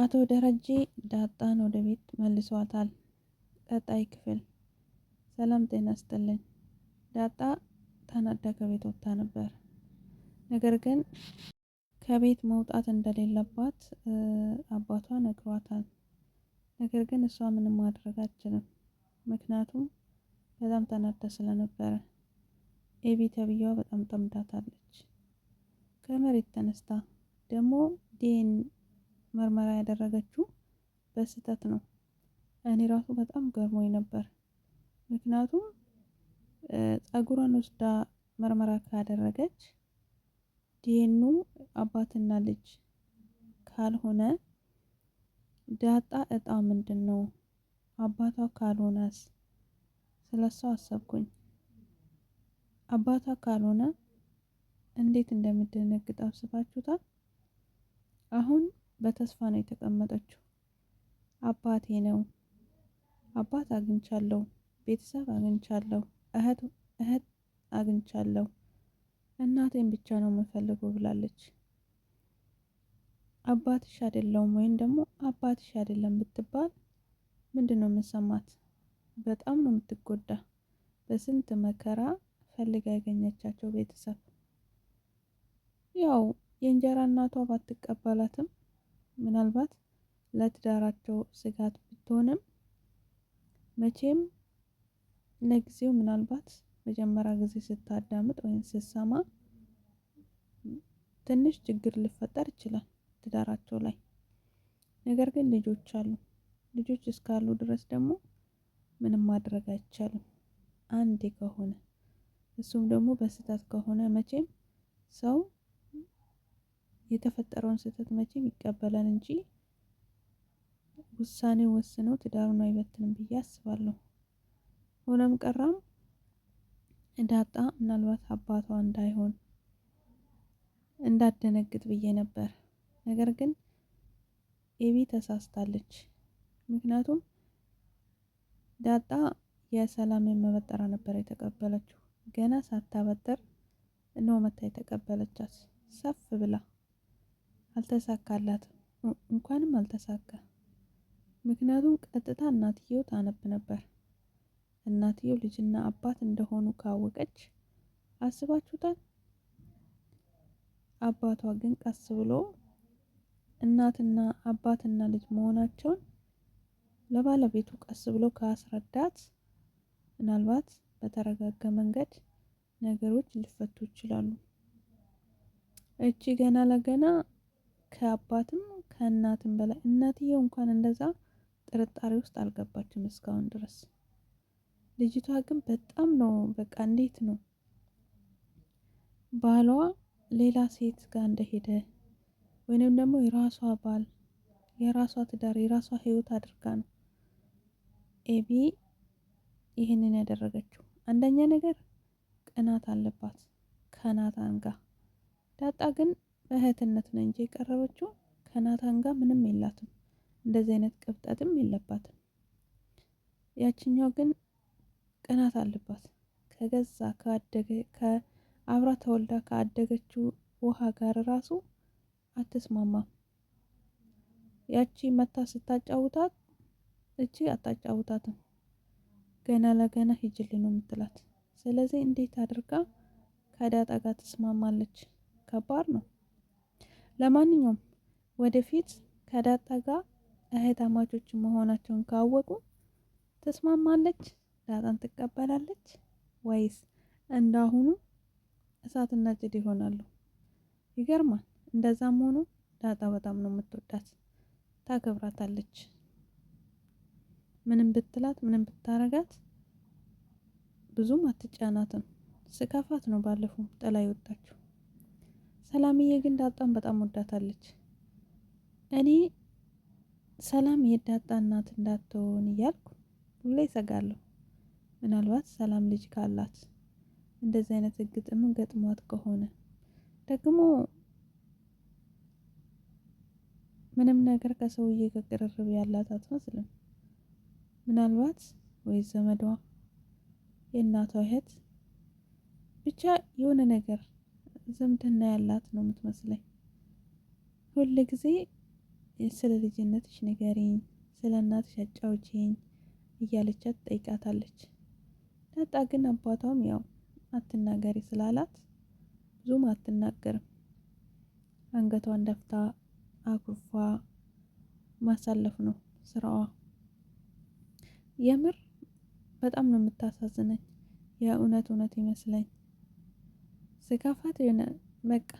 አቶ ደረጀ ዳጣን ወደ ቤት መልሷታል። ቀጣይ ክፍል። ሰላም ጤና ይስጥልኝ። ዳጣ ተናዳ ከቤት ወጥታ ነበር። ነገር ግን ከቤት መውጣት እንደሌለባት አባቷ ነግሯታል። ነገር ግን እሷ ምንም ማድረግ አትችልም፣ ምክንያቱም በጣም ተናዳ ስለነበረ። ኤቢ ተብዬዋ በጣም ጠምዳታለች። ከመሬት ተነስታ ደግሞ ዴን ምርመራ ያደረገችው በስህተት ነው። እኔ ራሱ በጣም ገርሞኝ ነበር። ምክንያቱም ጸጉሯን ወስዳ ምርመራ ካደረገች ዲኤኑ አባትና ልጅ ካልሆነ ዳጣ እጣ ምንድን ነው? አባቷ ካልሆነስ? ስለሷ አሰብኩኝ። አባቷ ካልሆነ እንዴት እንደምደነግጥ አስባችሁታል? አሁን በተስፋ ነው የተቀመጠችው። አባቴ ነው አባት አግኝቻለሁ፣ ቤተሰብ አግኝቻለሁ፣ እህት እህት አግኝቻለሁ፣ እናቴን ብቻ ነው የምፈልገው ብላለች። አባትሽ አይደለውም ወይም ደግሞ አባትሽ አይደለም ብትባል ምንድን ነው የምሰማት? በጣም ነው የምትጎዳ። በስንት መከራ ፈልጋ ያገኘቻቸው ቤተሰብ ያው የእንጀራ እናቷ ባትቀበላትም ምናልባት ለትዳራቸው ስጋት ብትሆንም መቼም ለጊዜው ምናልባት መጀመሪያ ጊዜ ስታዳምጥ ወይም ስትሰማ ትንሽ ችግር ሊፈጠር ይችላል ትዳራቸው ላይ። ነገር ግን ልጆች አሉ ልጆች እስካሉ ድረስ ደግሞ ምንም ማድረግ አይቻልም። አንዴ ከሆነ እሱም ደግሞ በስህተት ከሆነ መቼም ሰው የተፈጠረውን ስህተት መቼም ይቀበላል እንጂ ውሳኔ ወስኖ ትዳሩን አይበትንም ብዬ አስባለሁ። ሆነም ቀራም ዳጣ ምናልባት አባቷ እንዳይሆን እንዳደነግጥ ብዬ ነበር። ነገር ግን ኤቢ ተሳስታለች። ምክንያቱም ዳጣ የሰላም መበጠራ ነበር የተቀበለችው። ገና ሳታበጥር ነው መታ የተቀበለቻት ሰፍ ብላ አልተሳካላትም። እንኳንም አልተሳካ። ምክንያቱም ቀጥታ እናትየው ታነብ ነበር። እናትየው ልጅና አባት እንደሆኑ ካወቀች አስባችሁታል? አባቷ ግን ቀስ ብሎ እናትና አባትና ልጅ መሆናቸውን ለባለቤቱ ቀስ ብሎ ካስረዳት ምናልባት በተረጋጋ መንገድ ነገሮች ሊፈቱ ይችላሉ። እቺ ገና ለገና ከአባትም ከእናትም በላይ እናትየው እንኳን እንደዛ ጥርጣሬ ውስጥ አልገባችም እስካሁን ድረስ። ልጅቷ ግን በጣም ነው በቃ እንዴት ነው ባሏ ሌላ ሴት ጋር እንደሄደ ወይንም ደግሞ የራሷ ባል የራሷ ትዳር የራሷ ህይወት አድርጋ ነው ኤቢ ይህንን ያደረገችው። አንደኛ ነገር ቅናት አለባት ከናታን ጋር ዳጣ ግን በእህትነት ነው እንጂ የቀረበችው ከናታን ጋር ምንም የላትም። እንደዚህ አይነት ቅብጠትም የለባትም። ያችኛው ግን ቅናት አለባት። ከገዛ ከአደገ ከአብራ ተወልዳ ከአደገችው ውሃ ጋር ራሱ አትስማማም። ያቺ መታ ስታጫውታት እቺ አታጫውታትም። ገና ለገና ሂጅልኝ ነው የምትላት። ስለዚህ እንዴት አድርጋ ከዳጣ ጋር ትስማማለች? ከባድ ነው። ለማንኛውም ወደፊት ከዳጣ ጋር እህታማቾች መሆናቸውን ካወቁ ተስማማለች፣ ዳጣን ትቀበላለች ወይስ እንዳሁኑ እሳትና ጭድ ይሆናሉ? ይገርማል። እንደዛም ሆኖ ዳጣ በጣም ነው የምትወዳት፣ ታከብራታለች። ምንም ብትላት ምንም ብታረጋት ብዙም አትጫናትም። ስካፋት ነው ባለፈው ጥላ ይወጣችሁ ሰላምዬ ግን ዳጣን በጣም ወዳታለች። እኔ ሰላም የዳጣ እናት እንዳትሆን እያልኩ ሁሌ ይሰጋለሁ። ምናልባት ሰላም ልጅ ካላት እንደዚህ አይነት ግጥም ገጥሟት ከሆነ ደግሞ ምንም ነገር ከሰውዬ ከቅርርብ ያላት አትመስልም። ምናልባት ወይ ዘመዷ የእናቷ እህት ብቻ የሆነ ነገር ዝምድና ያላት ነው የምትመስለኝ። ሁል ጊዜ ስለ ልጅነትሽ ንገሪኝ፣ ስለ እናትሽ አጫውችኝ እያለቻት ትጠይቃታለች። ዳጣ ግን አባቷም ያው አትናገሪ ስላላት ብዙም አትናገርም። አንገቷን ደፍታ አኩርፏ ማሳለፍ ነው ስራዋ። የምር በጣም ነው የምታሳዝነኝ። የእውነት እውነት ይመስለኝ ስጋፋት የሆነ በቃ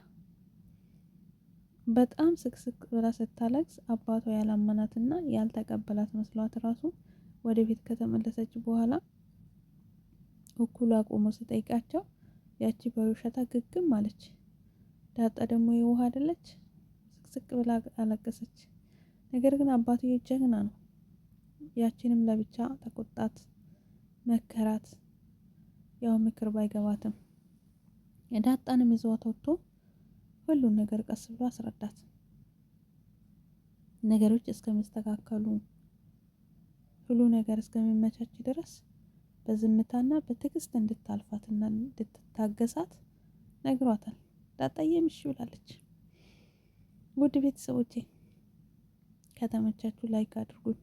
በጣም ስቅስቅ ብላ ስታለቅስ አባቷ ያላመናትና ያልተቀበላት መስሏት ራሱ ወደ ቤት ከተመለሰች በኋላ እኩሉ አቁሞ ስጠይቃቸው ያቺ በውሸታ ግግም አለች። ዳጣ ደግሞ የውሃ አይደለች ስቅስቅ ብላ አለቀሰች። ነገር ግን አባትዬ ጀግና ነው። ያቺንም ለብቻ ተቆጣት፣ መከራት። ያው ምክር ባይገባትም የዳጣንም ይዘዋት ወጥቶ ሁሉን ነገር ቀስ ብሎ አስረዳት። ነገሮች እስከሚስተካከሉ ሁሉ ነገር እስከሚመቻች ድረስ በዝምታና በትዕግስት እንድታልፋትና እንድትታገሳት ነግሯታል። ዳጣዬም እሺ ብላለች። ውድ ቤተሰቦቼ ከተመቻችሁ ላይክ አድርጉኝ።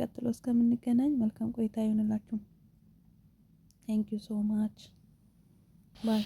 ቀጥሎ እስከምንገናኝ መልካም ቆይታ ይሆንላችሁ። ዩ ሶ ማች ባይ